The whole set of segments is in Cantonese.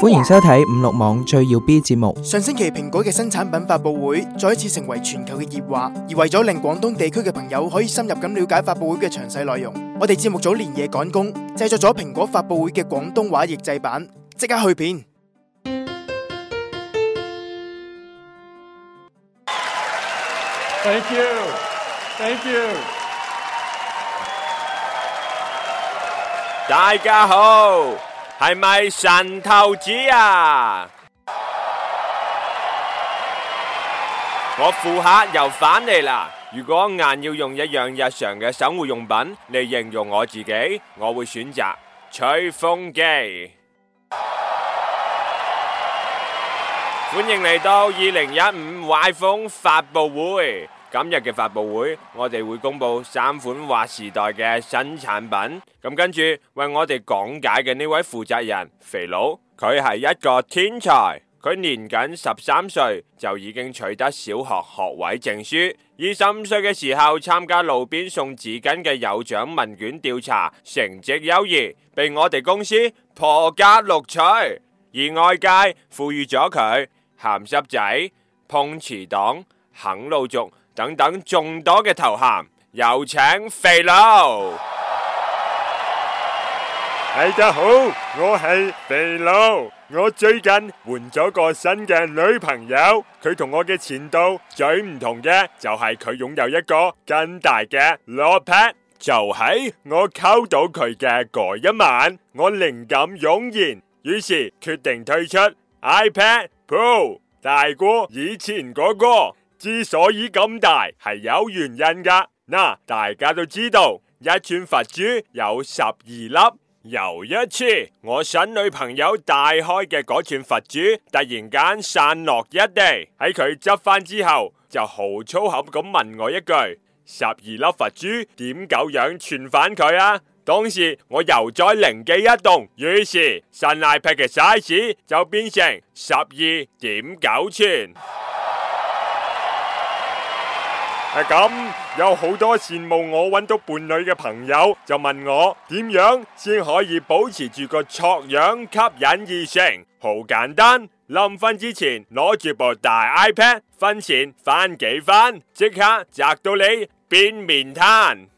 歡迎收睇《五六網最耀 B 節目》。上星期蘋果嘅新產品發佈會，再一次成為全球嘅熱話。而為咗令廣東地區嘅朋友可以深入咁了解發佈會嘅詳細內容，我哋節目組連夜趕工製作咗蘋果發佈會嘅廣東話譯製版，即刻去片。Thank you. Thank you. 大家好，係咪神頭子啊？我庫克又返嚟啦。如果硬要用一樣日常嘅生活用品嚟形容我自己，我會選擇吹風機。歡迎嚟到二零一五 iPhone 發布會。今日嘅發布會，我哋會公布三款劃時代嘅新產品。咁跟住為我哋講解嘅呢位負責人肥佬，佢係一個天才。佢年僅十三歲就已經取得小學學位證書，二十五歲嘅時候參加路邊送紙巾嘅有獎問卷調查，成績優異，被我哋公司破格錄取。而外界賦予咗佢咸濕仔、碰瓷黨、啃老族等等眾多嘅頭銜，有請肥佬。大家好，我係肥佬。我最近換咗個新嘅女朋友，佢同我嘅前度最唔同嘅就係佢擁有一個更大嘅 iPad。就喺我溝到佢嘅嗰一晚，我靈感湧現，於是決定推出 iPad。噗，大哥以前嗰、那個之所以咁大係有原因噶，嗱、呃、大家都知道一串佛珠有十二粒。有一次我新女朋友戴開嘅嗰串佛珠突然間散落一地，喺佢執翻之後就好粗口咁問我一句：十二粒佛珠點狗樣串返佢啊？當時我又再靈機一動，於是新 iPad 嘅 size 就變成十二點九寸。係咁，有好多羨慕我搵到伴侶嘅朋友就問我點樣先可以保持住個錯樣吸引異性？好簡單，臨瞓之前攞住部大 iPad，瞓前翻幾翻，即刻扎到你變面癱。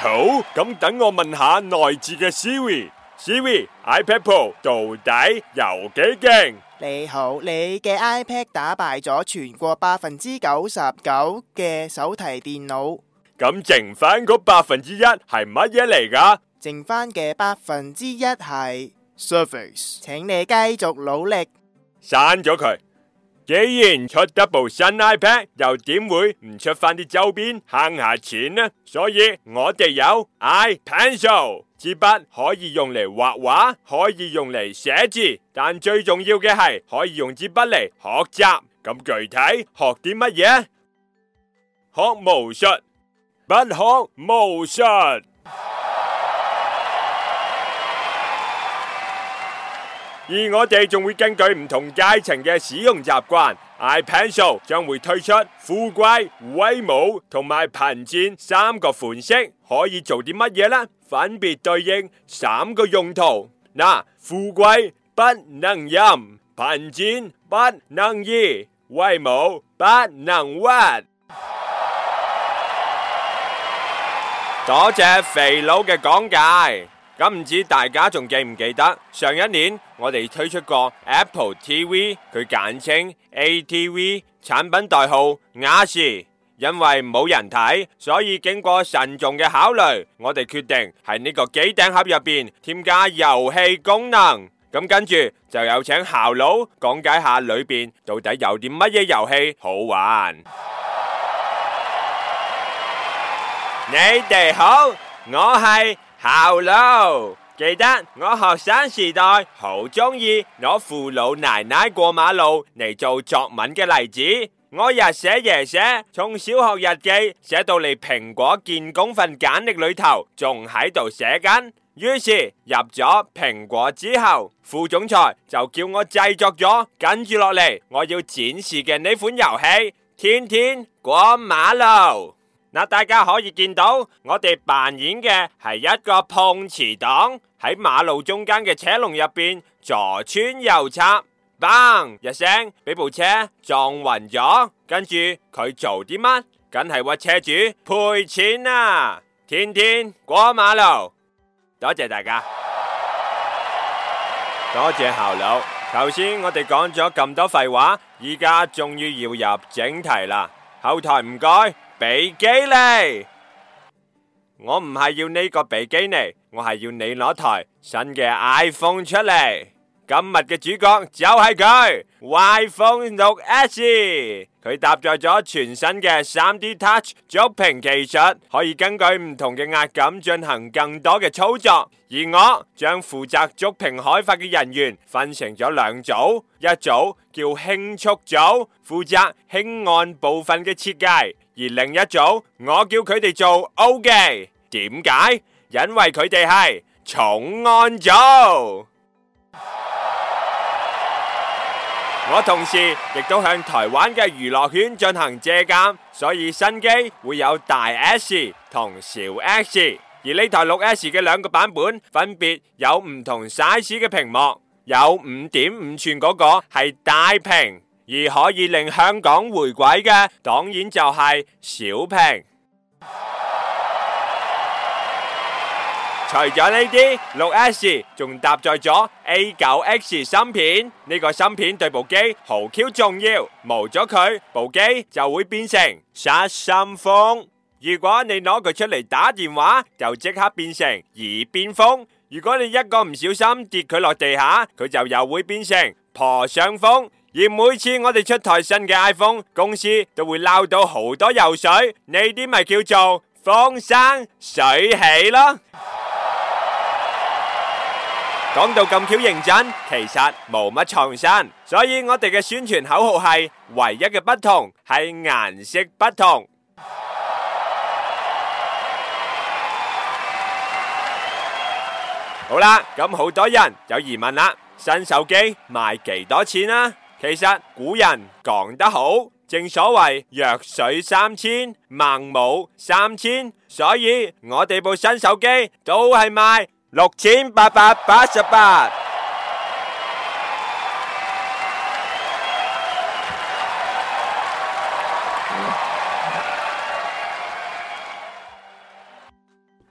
好，咁等我問下內置嘅 Siri，Siri，iPad Pro 到底有幾勁？你好，你嘅 iPad 打敗咗全國百分之九十九嘅手提電腦，咁剩翻嗰百分之一係乜嘢嚟噶？剩翻嘅百分之一係 Surface，請你繼續努力。刪咗佢。既然出 double 新 iPad，又點會唔出翻啲周邊慳下錢呢？所以我哋有 i pencil 支筆，可以用嚟畫畫，可以用嚟寫字，但最重要嘅係可以用支筆嚟學習。咁具體學啲乜嘢？學無術，不學無術。而我哋仲會根據唔同階層嘅使用習慣，iPad Pro 將會推出富貴、威武同埋貧賤三個款式，可以做啲乜嘢呢？分別對應三個用途。嗱，富貴不能淫，貧賤不能移，威武不能屈。多謝肥佬嘅講解。咁唔知大家仲記唔記得上一年我哋推出過 Apple TV，佢簡稱 ATV，產品代號亞視。因為冇人睇，所以經過慎重嘅考慮，我哋決定喺呢個機頂盒入邊添加遊戲功能。咁跟住就有請校老講解下裏邊到底有啲乜嘢遊戲好玩。你哋好，我係。哈囉，記得我學生時代好鍾意攞扶老奶奶過馬路嚟做作文嘅例子，我日寫夜寫，從小學日記寫到嚟蘋果見工份簡歷裏頭還在，仲喺度寫緊。於是入咗蘋果之後，副總裁就叫我製作咗跟住落嚟我要展示嘅呢款遊戲《天天過馬路》。嗱，大家可以見到，我哋扮演嘅係一個碰瓷黨，喺馬路中間嘅車龍入邊左穿右插，嘣一聲俾部車撞暈咗，跟住佢做啲乜？梗係屈車主賠錢啦！天天過馬路，多謝大家，多謝校友。頭先我哋講咗咁多廢話，依家終於要入正題啦，後台唔該。比基尼，我唔係要呢個比基尼，我係要你攞台新嘅 iPhone 出嚟！今日嘅主角就係佢，iPhone 六 S，佢搭載咗全新嘅 3D Touch 觸屏技術，可以根據唔同嘅壓感進行更多嘅操作。而我將負責觸屏開發嘅人員分成咗兩組，一組叫輕觸組，負責輕按部分嘅設計；而另一組，我叫佢哋做 OK，點解？因為佢哋係重案組。我同時，亦都向台灣嘅娛樂圈進行借鑑，所以新機會有大 S 同小 S。而呢台 6S 嘅兩個版本，分別有唔同 size 嘅屏幕，有5.5寸嗰個係大屏，而可以令香港回歸嘅，當然就係小屏。除咗呢啲，六 S 仲搭載咗 A 九 X 芯片，呢個芯片對部機好 Q 重要，冇咗佢部機就會變成殺心風。如果你攞佢出嚟打電話，就即刻變成耳邊風。如果你一個唔小心跌佢落地下，佢就又會變成破相風。而每次我哋出台新嘅 iPhone，公司都會鬧到好多油水，呢啲咪叫做風生水起咯。講到咁巧，認真，其實冇乜創新，所以我哋嘅宣傳口號係唯一嘅不同係顏色不同。好啦，咁好多人有疑問啦，新手機賣幾多錢啊？其實古人講得好，正所謂弱水三千，望武三千，所以我哋部新手機都係賣。六千八百八十八。6, 88, 88.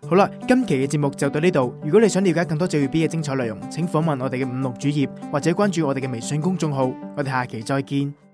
好啦，今期嘅節目就到呢度。如果你想了解更多最耀 B 嘅精彩內容，請訪問我哋嘅五六主頁或者關注我哋嘅微信公眾號。我哋下期再見。